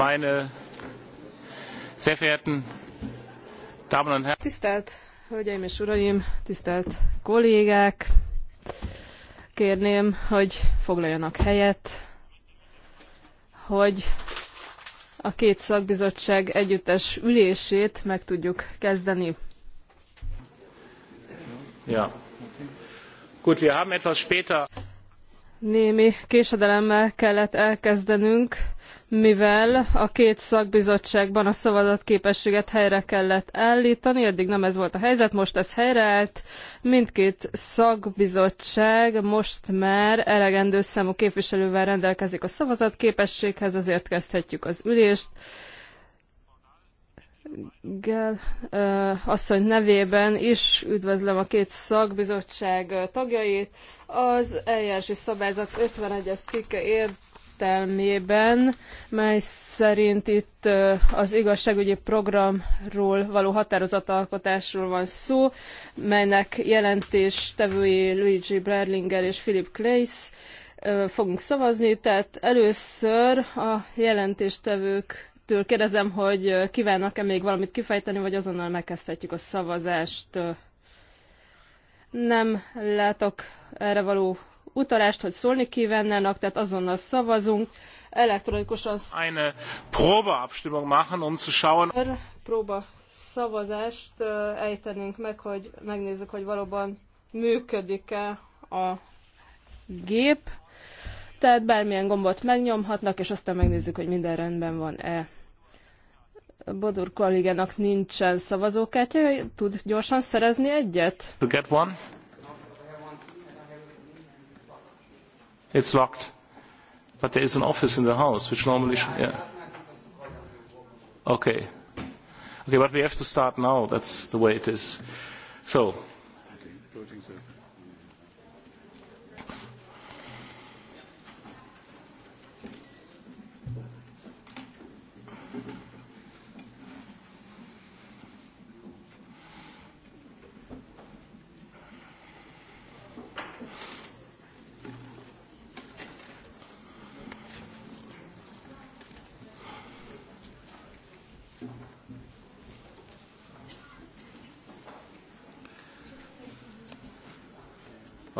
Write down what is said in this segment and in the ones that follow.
meine sehr verehrten Damen und Herren. Tisztelt Hölgyeim és Uraim, tisztelt kollégák, kérném, hogy foglaljanak helyet, hogy a két szakbizottság együttes ülését meg tudjuk kezdeni. Ja. Gut, wir haben etwas später. Némi késedelemmel kellett elkezdenünk, mivel a két szakbizottságban a szavazatképességet helyre kellett állítani, eddig nem ez volt a helyzet, most ez helyreállt. Mindkét szakbizottság most már elegendő számú képviselővel rendelkezik a szavazatképességhez, ezért kezdhetjük az ülést. Gel asszony nevében is üdvözlöm a két szakbizottság tagjait. Az eljárási szabályzat 51-es cikke ért értelmében, mely szerint itt az igazságügyi programról való határozatalkotásról van szó, melynek jelentéstevői Luigi Berlinger és Philip Clays fogunk szavazni. Tehát először a jelentéstevőktől kérdezem, hogy kívánnak-e még valamit kifejteni, vagy azonnal megkezdhetjük a szavazást. Nem látok erre való utalást, hogy szólni kívánnának, tehát azonnal szavazunk. Elektronikusan eine Probeabstimmung machen, um zu schauen. Próba szavazást ejtenünk meg, hogy megnézzük, hogy valóban működik-e a gép. Tehát bármilyen gombot megnyomhatnak, és aztán megnézzük, hogy minden rendben van-e. Bodur kollégának nincsen szavazókártya, tud gyorsan szerezni egyet? To get one. It's locked. But there is an office in the house, which normally should... Yeah. Okay. Okay, but we have to start now. That's the way it is. So...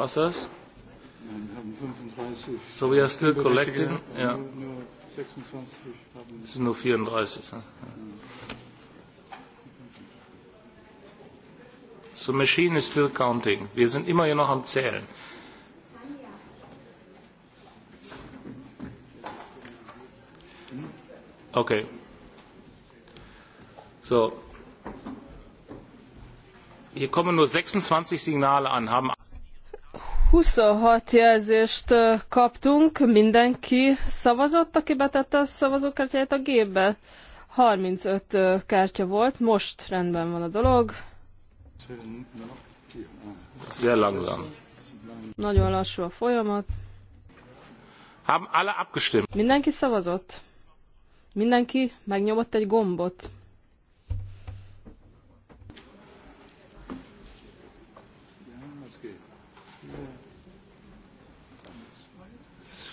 Was das? So we are still collecting. Ja. Es sind nur 34. Ne? So machine is still counting. Wir sind immer hier noch am Zählen. Okay. So. Hier kommen nur 26 Signale an. Haben 26 jelzést kaptunk, mindenki szavazott, aki betette a szavazókártyáját a gépbe. 35 kártya volt, most rendben van a dolog. Nagyon lassú a folyamat. Mindenki szavazott. Mindenki megnyomott egy gombot.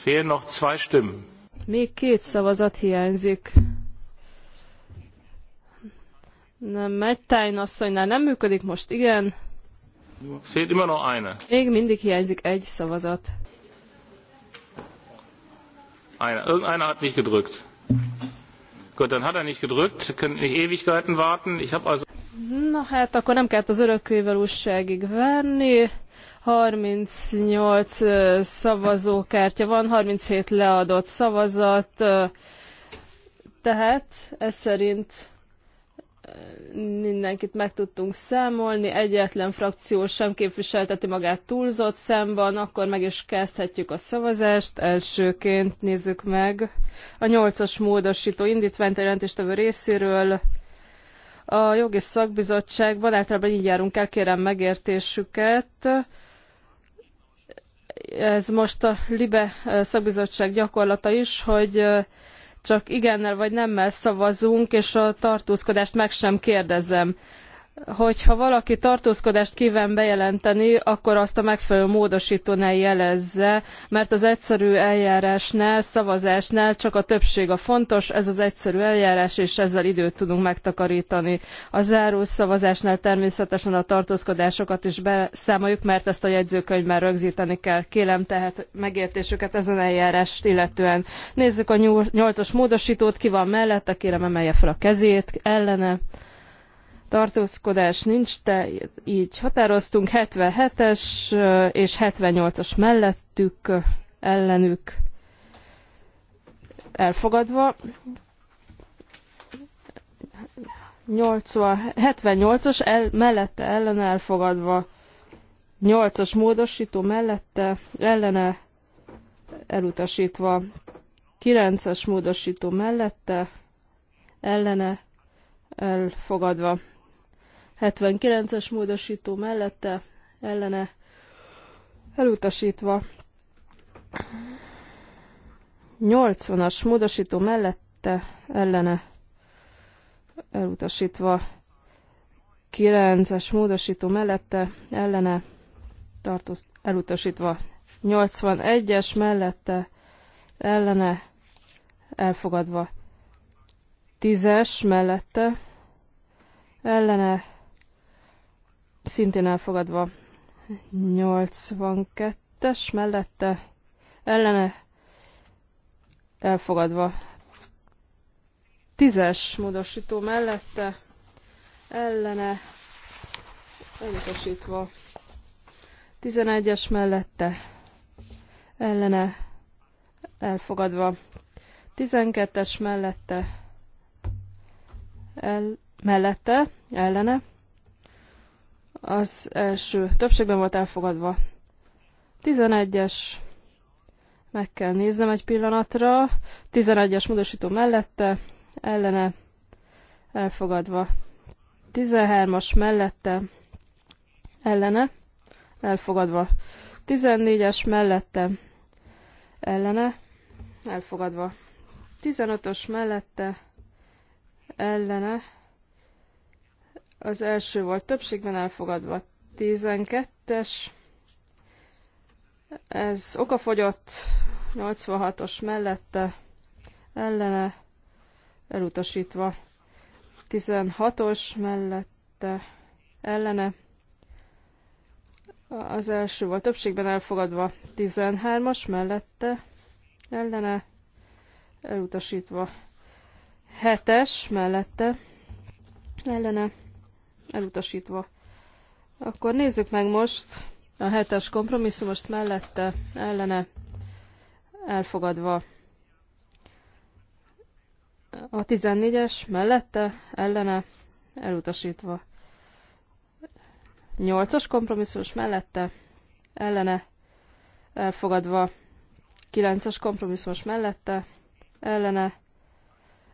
fehlen noch zwei Stimmen. Még két szavazat hiányzik. Nem megy, asszonynál nem működik most, igen. Fehlt immer noch eine. Még mindig hiányzik egy szavazat. Einer. Irgendeiner hat nicht gedrückt. Gut, dann hat er nicht gedrückt. Können nicht Ewigkeiten warten. Ich habe also... Na hát, akkor nem kellett az örökkévalóságig várni. 38 szavazókártya van, 37 leadott szavazat, tehát ez szerint mindenkit meg tudtunk számolni, egyetlen frakció sem képviselteti magát túlzott szemben. akkor meg is kezdhetjük a szavazást. Elsőként nézzük meg a nyolcas módosító indítványt a jelentéstevő részéről a jogi szakbizottságban általában így járunk el, kérem megértésüket. Ez most a LIBE szakbizottság gyakorlata is, hogy csak igennel vagy nemmel szavazunk, és a tartózkodást meg sem kérdezem hogyha valaki tartózkodást kíván bejelenteni, akkor azt a megfelelő módosító ne jelezze, mert az egyszerű eljárásnál, szavazásnál csak a többség a fontos, ez az egyszerű eljárás, és ezzel időt tudunk megtakarítani. A záró szavazásnál természetesen a tartózkodásokat is beszámoljuk, mert ezt a jegyzőkönyvben rögzíteni kell. Kélem tehát megértésüket ezen eljárást illetően. Nézzük a nyolcas módosítót, ki van mellette, kérem emelje fel a kezét, ellene tartózkodás nincs, te így határoztunk 77-es és 78-as mellettük, ellenük elfogadva. 78-as el, mellette ellene elfogadva, 8-as módosító mellette ellene elutasítva, 9-es módosító mellette ellene elfogadva. 79-es módosító mellette ellene elutasítva. 80-as módosító mellette ellene elutasítva. 9-es módosító mellette ellene tartoz, elutasítva. 81-es mellette ellene elfogadva. 10-es mellette ellene szintén elfogadva 82-es mellette ellene elfogadva 10-es módosító mellette ellene elutasítva 11-es mellette ellene elfogadva 12-es mellette el, mellette ellene az első többségben volt elfogadva. 11-es, meg kell néznem egy pillanatra. 11-es módosító mellette, ellene, elfogadva. 13-as mellette, ellene, elfogadva. 14-es mellette, ellene, elfogadva. 15-ös mellette, ellene, az első volt többségben elfogadva. 12-es. Ez okafogyott. 86-os mellette. Ellene. Elutasítva. 16-os mellette. Ellene. Az első volt többségben elfogadva. 13-as mellette. Ellene. Elutasítva. 7-es mellette. Ellene elutasítva. Akkor nézzük meg most a hetes kompromisszumost mellette, ellene elfogadva. A 14-es mellette, ellene elutasítva. 8-as kompromisszumos mellette, ellene elfogadva. 9 as kompromisszumos mellette, ellene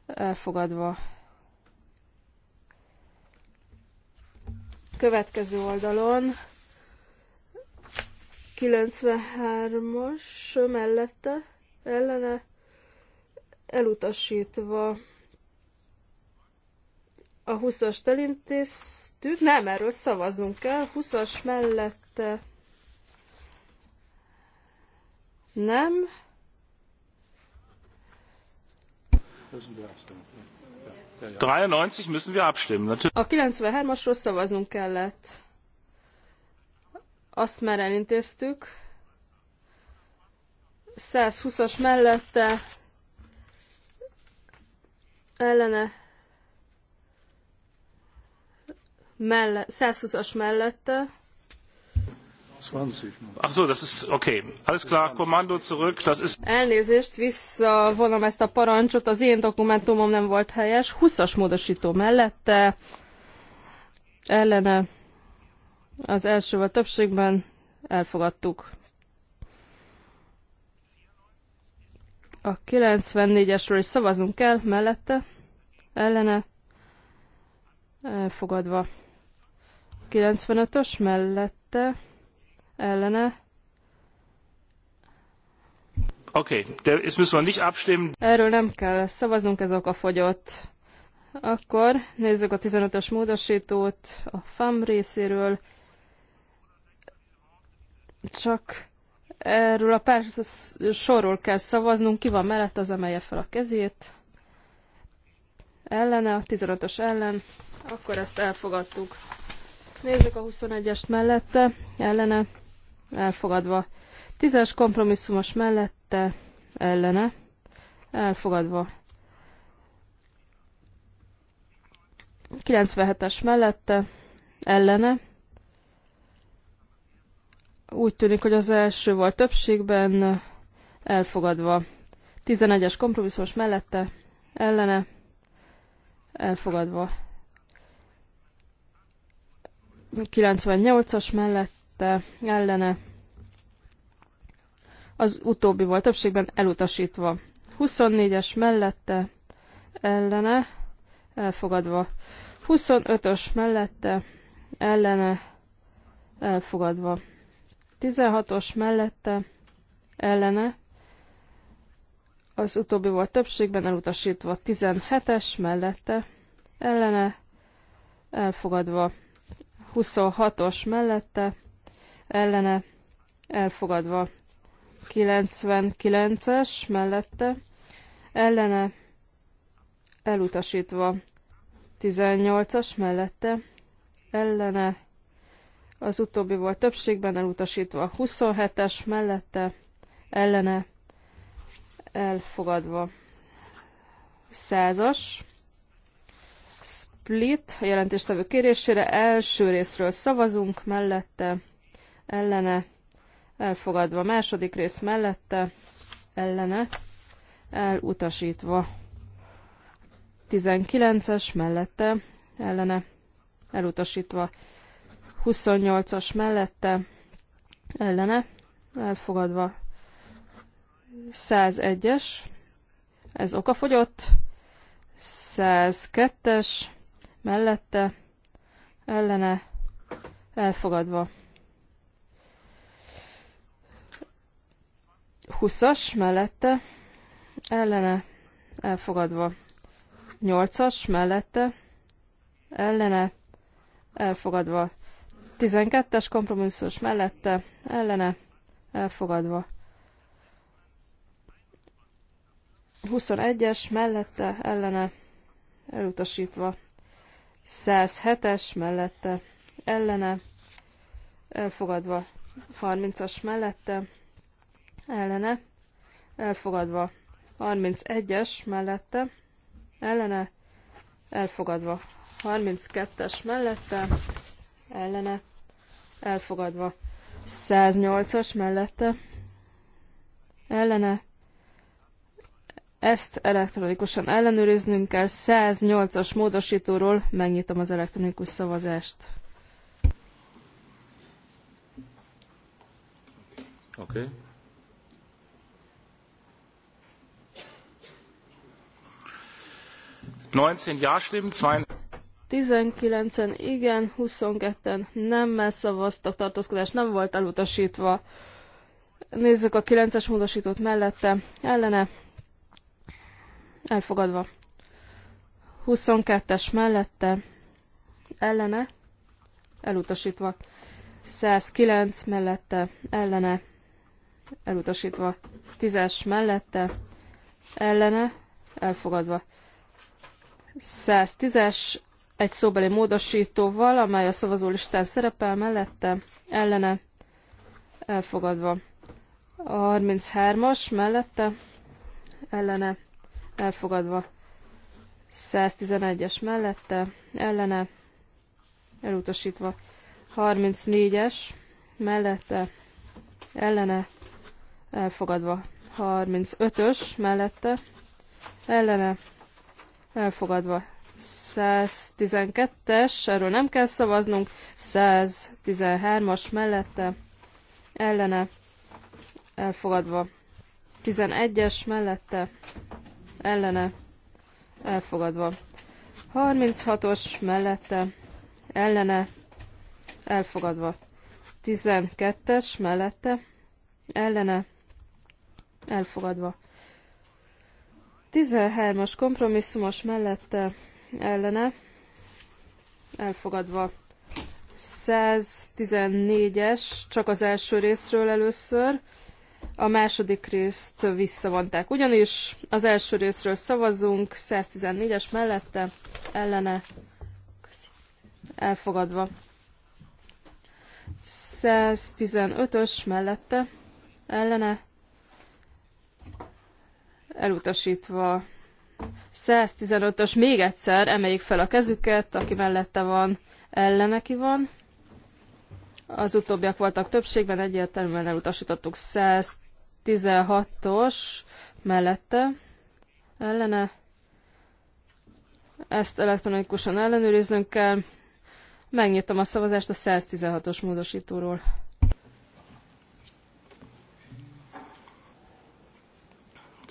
elfogadva. következő oldalon 93-as mellette ellene elutasítva a 20 as elintéztük, nem, erről szavazunk kell, 20-as mellette nem. Köszönöm, 93 müssen wir abstimmen. Natürlich. A 93-asról szavaznunk kellett. Azt már elintéztük. 120-as mellette ellene melle, 120-as mellette Achso, das ist okay. Alles klar, Kommando zurück, das ist... Elnézést, visszavonom ezt a parancsot, az én dokumentumom nem volt helyes. 20-as módosító mellette, ellene az elsővel többségben elfogadtuk. A 94-esről is szavazunk el, mellette, ellene, elfogadva. 95-ös mellette, ellene. Oké, okay, de ezt müssen wir nicht abstimmen. Erről nem kell szavaznunk, ez a fogyott. Akkor nézzük a 15-ös módosítót a FAM részéről. Csak erről a pár sorról kell szavaznunk, ki van mellett, az emelje fel a kezét. Ellene, a 15-ös ellen, akkor ezt elfogadtuk. Nézzük a 21-est mellette, ellene, elfogadva. Tízes kompromisszumos mellette, ellene, elfogadva. 97-es mellette, ellene. Úgy tűnik, hogy az első volt többségben, elfogadva. 11-es kompromisszumos mellette, ellene, elfogadva. 98-as mellett mellette ellene. Az utóbbi volt többségben elutasítva. 24-es mellette ellene elfogadva. 25-ös mellette ellene elfogadva. 16-os mellette ellene az utóbbi volt többségben elutasítva 17-es mellette, ellene elfogadva 26-os mellette, ellene elfogadva. 99-es mellette ellene elutasítva. 18-as mellette ellene az utóbbi volt többségben elutasítva. 27-es mellette ellene elfogadva. 100-as split a jelentéstevő kérésére első részről szavazunk mellette ellene, elfogadva. Második rész mellette, ellene, elutasítva. 19-es mellette, ellene, elutasítva. 28-as mellette, ellene, elfogadva. 101-es, ez okafogyott. 102-es, mellette, ellene, elfogadva. 20-as mellette, ellene elfogadva. 8-as mellette, ellene elfogadva. 12-es kompromisszus mellette, ellene elfogadva. 21-es mellette, ellene elutasítva. 107-es mellette, ellene elfogadva. 30-as mellette, ellene, elfogadva. 31-es mellette, ellene, elfogadva. 32-es mellette, ellene, elfogadva. 108-as mellette, ellene, ezt elektronikusan ellenőriznünk kell. 108-as módosítóról megnyitom az elektronikus szavazást. Oké. Okay. 19 ja stimmen, 22... 19-en igen, 22-en nemmel szavaztak, tartózkodás nem volt elutasítva. Nézzük a 9-es módosítót mellette, ellene, elfogadva. 22-es mellette, ellene, elutasítva. 109 mellette, ellene, elutasítva. 10-es mellette, ellene, elfogadva. 110-es egy szóbeli módosítóval, amely a szavazólistán szerepel mellette, ellene elfogadva. A 33-as mellette, ellene elfogadva. 111-es mellette, ellene elutasítva. 34-es mellette, ellene elfogadva. 35-ös mellette, ellene elfogadva. 112-es, erről nem kell szavaznunk, 113-as mellette, ellene, elfogadva. 11-es mellette, ellene, elfogadva. 36-os mellette, ellene, elfogadva. 12-es mellette, ellene, elfogadva. 13-as kompromisszumos mellette ellene elfogadva. 114-es, csak az első részről először. A második részt visszavonták. Ugyanis az első részről szavazunk, 114-es mellette, ellene, elfogadva. 115-ös mellette, ellene, elutasítva. 115-ös még egyszer, emeljük fel a kezüket, aki mellette van, elleneki van. Az utóbbiak voltak többségben, egyértelműen elutasítottuk 116-os mellette, ellene. Ezt elektronikusan ellenőriznünk kell. Megnyitom a szavazást a 116-os módosítóról.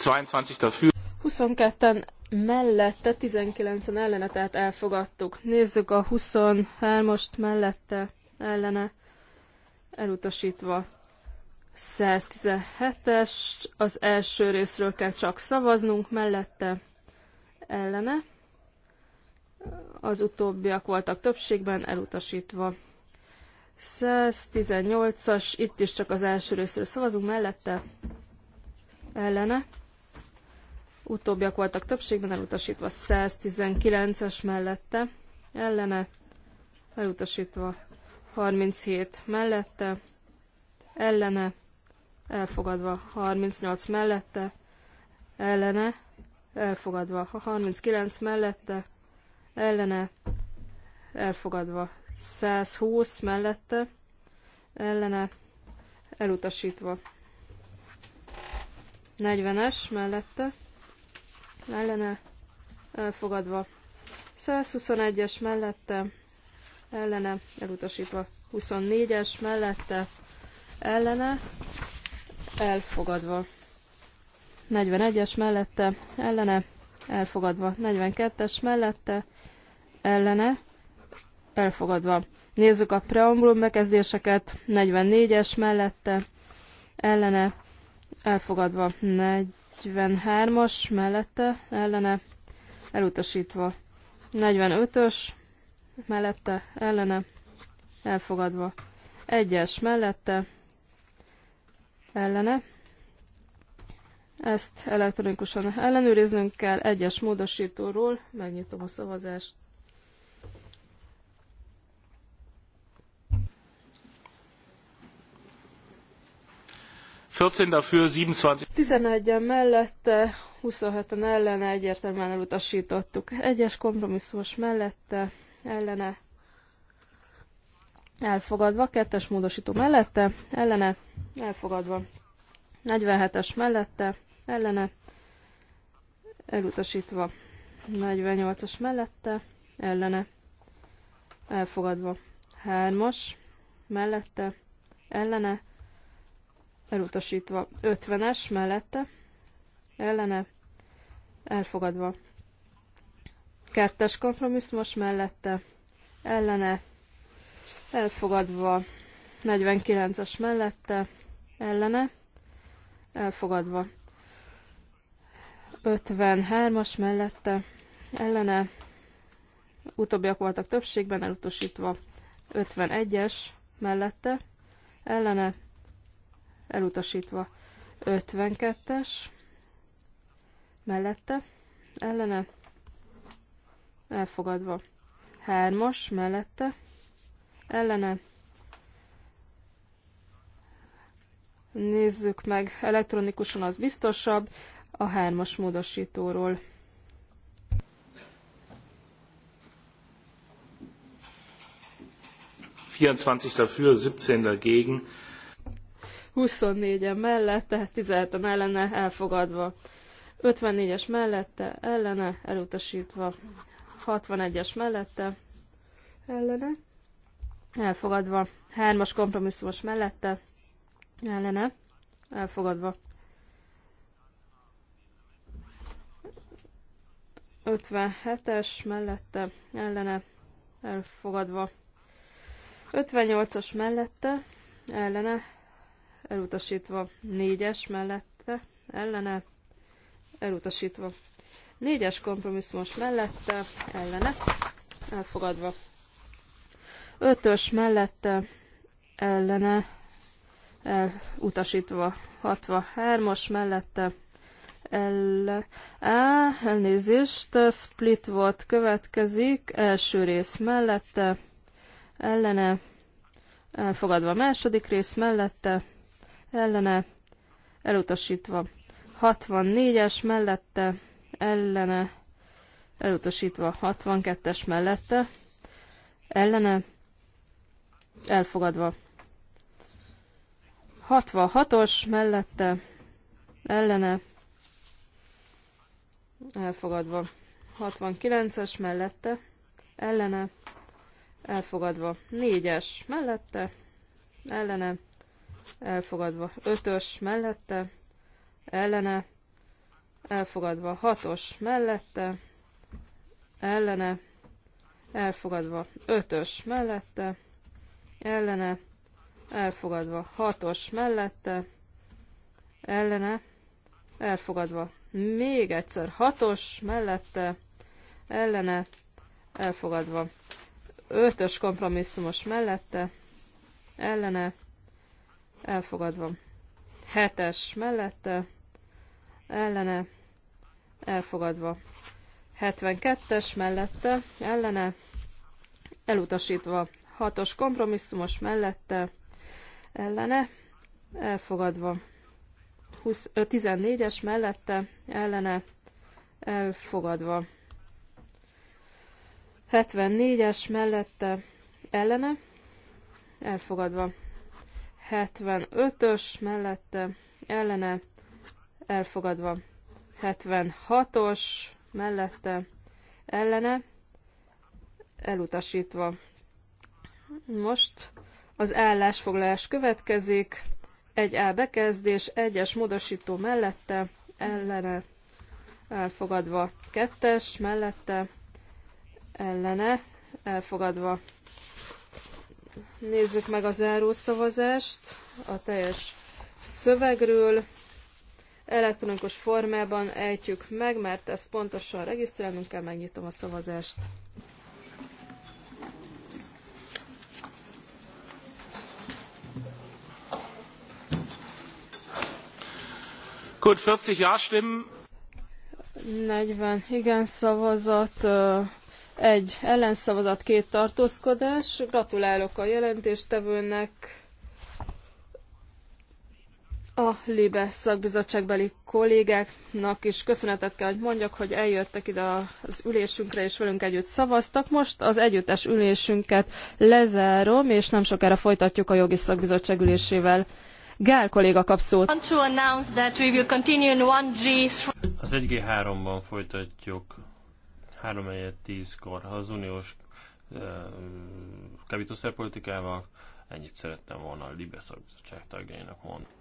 22 dafür. 22 mellette, 19-en ellene, tehát elfogadtuk. Nézzük a 23-ost mellette, ellene, elutasítva. 117-es, az első részről kell csak szavaznunk, mellette, ellene. Az utóbbiak voltak többségben elutasítva. 118-as, itt is csak az első részről szavazunk, mellette, ellene utóbbiak voltak többségben elutasítva 119-es mellette, ellene elutasítva 37 mellette, ellene elfogadva 38 mellette, ellene elfogadva 39 mellette, ellene elfogadva 120 mellette, ellene elutasítva 40-es mellette, ellene elfogadva. 121-es mellette ellene elutasítva. 24-es mellette ellene elfogadva. 41-es mellette ellene elfogadva. 42-es mellette ellene elfogadva. Nézzük a preambulum bekezdéseket, 44-es mellette, ellene, elfogadva, 4, 43-as mellette ellene elutasítva. 45-ös mellette ellene elfogadva. 1-es mellette ellene. Ezt elektronikusan ellenőriznünk kell. 1-es módosítóról megnyitom a szavazást. 14, dafür, 27. 11 mellette, 27-en ellene, egyértelműen elutasítottuk. Egyes kompromisszumos mellette, ellene, elfogadva, kettes módosító mellette, ellene, elfogadva. 47-es mellette, ellene, elutasítva. 48-as mellette, ellene, elfogadva. 3-as mellette, ellene, elutasítva. 50-es mellette, ellene, elfogadva. Kettes kompromisszumos mellette, ellene, elfogadva. 49-es mellette, ellene, elfogadva. 53-as mellette, ellene, utóbbiak voltak többségben elutasítva, 51-es mellette, ellene, elutasítva. 52-es mellette, ellene, elfogadva. 3-as mellette, ellene. Nézzük meg, elektronikusan az biztosabb, a 3-as módosítóról. vierundzwanzig dafür siebzehn dagegen 24-en mellette, 17-en ellene elfogadva. 54-es mellette, ellene, elutasítva. 61-es mellette, ellene, elfogadva. 3-as kompromisszumos mellette, ellene, elfogadva. 57-es mellette, ellene, elfogadva. 58-as mellette, ellene, elutasítva. Négyes mellette, ellene, elutasítva. Négyes kompromisszumos mellette, ellene, elfogadva. Ötös mellette, ellene, elutasítva. 63-as mellette, el, á, elnézést, split volt következik, első rész mellette, ellene, elfogadva a második rész mellette, ellene elutasítva. 64-es mellette ellene elutasítva. 62-es mellette ellene elfogadva. 66-os mellette ellene elfogadva. 69-es mellette ellene elfogadva. 4-es mellette ellene elfogadva elfogadva. 5-ös mellette, ellene, elfogadva. 6-os mellette, ellene, elfogadva. 5-ös mellette, ellene, elfogadva. 6-os mellette, ellene, elfogadva. Még egyszer 6-os mellette, ellene, elfogadva. 5-ös kompromisszumos mellette, ellene, elfogadva. Hetes mellette, ellene, elfogadva. 72-es mellette, ellene, elutasítva. 6-os kompromisszumos mellette, ellene, elfogadva. 14-es mellette, ellene, elfogadva. 74-es mellette, ellene, elfogadva. 75-ös mellette ellene elfogadva. 76-os mellette ellene elutasítva. Most az állásfoglalás következik. Egy A bekezdés, egyes módosító mellette ellene elfogadva. Kettes mellette ellene elfogadva. Nézzük meg a zárószavazást a teljes szövegről. Elektronikus formában ejtjük meg, mert ezt pontosan regisztrálnunk kell, megnyitom a szavazást. Gut, 40 Ja-Stimmen. 40 igen szavazat, egy ellenszavazat, két tartózkodás. Gratulálok a jelentéstevőnek, a Libe szakbizottságbeli kollégáknak is köszönetet kell, hogy mondjak, hogy eljöttek ide az ülésünkre, és velünk együtt szavaztak. Most az együttes ülésünket lezárom, és nem sokára folytatjuk a jogi szakbizottság ülésével. Gál kolléga kap szót. Az 1G3-ban folytatjuk 3 10-kor az uniós kábítószerpolitikával. Ennyit szerettem volna a Libeszak bizottság tagjainak mondani.